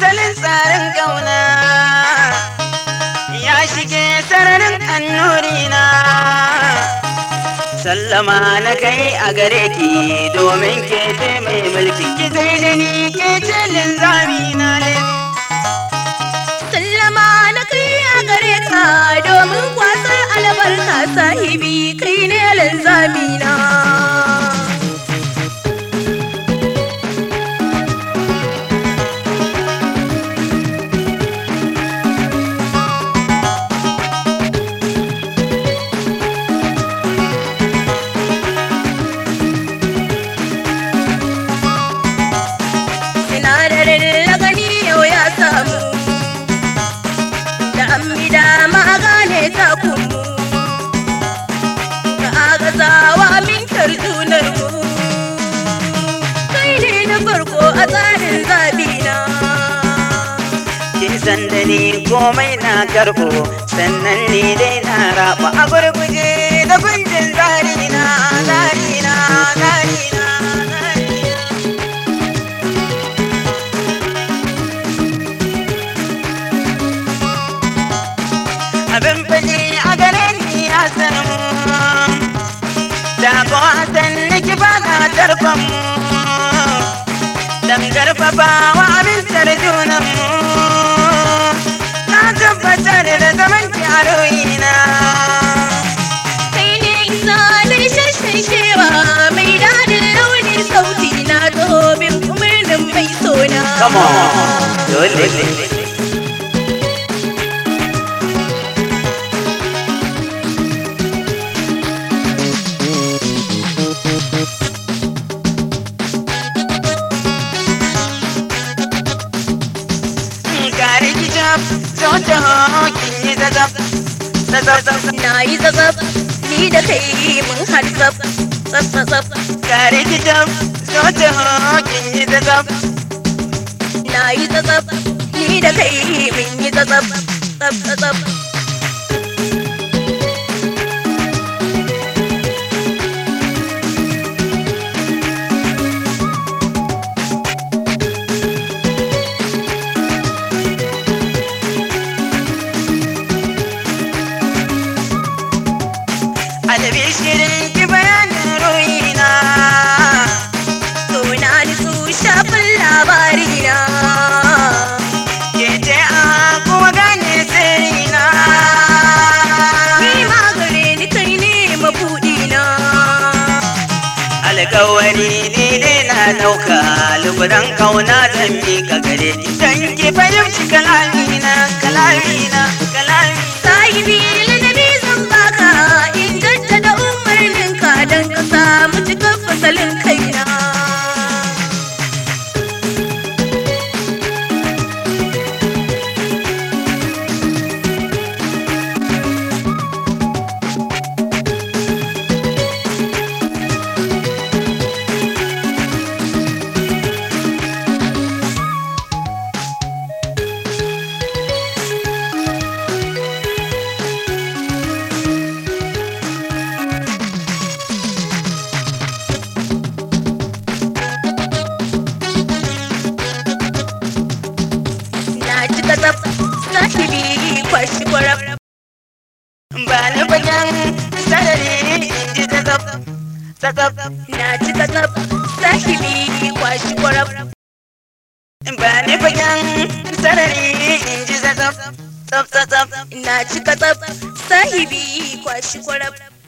asalin tsarin ƙauna ya shige sararin annurina sallama na kai a gare ki domin ke mai mulkin ki zai ni ke ce Sandani ni komai na karbo sannan ni dai na raba a gurguje da gundin zarina zarina zarina abin fili a garin san hasanin da ko hasan niki ba na tarfan mu dan garfafa Come on, do it, do it. do you sasaf nayi sasaf ni da kai mun haɗu saf saf sasaf tare ki jam zo ta hakin yi sasaf nayi sasaf ni da kai mun yi sasaf saf sasaf shirin ki bayanin ruina shafin labarina Kece a kuma gane sirrina Ni magare kai ne mabuɗina Alkawari ne ne na ɗauka lugudan kauna zan bi ka gare Dan ki fahimci kalamina kalamina kalamina Sahibi kwashi kwarab ba na bajan sarari inji zazzab zazzab na ci zazzab sahibi kwashi kwarab ba na bajan sarari inji zazzab tsab tsab na ci zazzab sahibi kwashi kwarab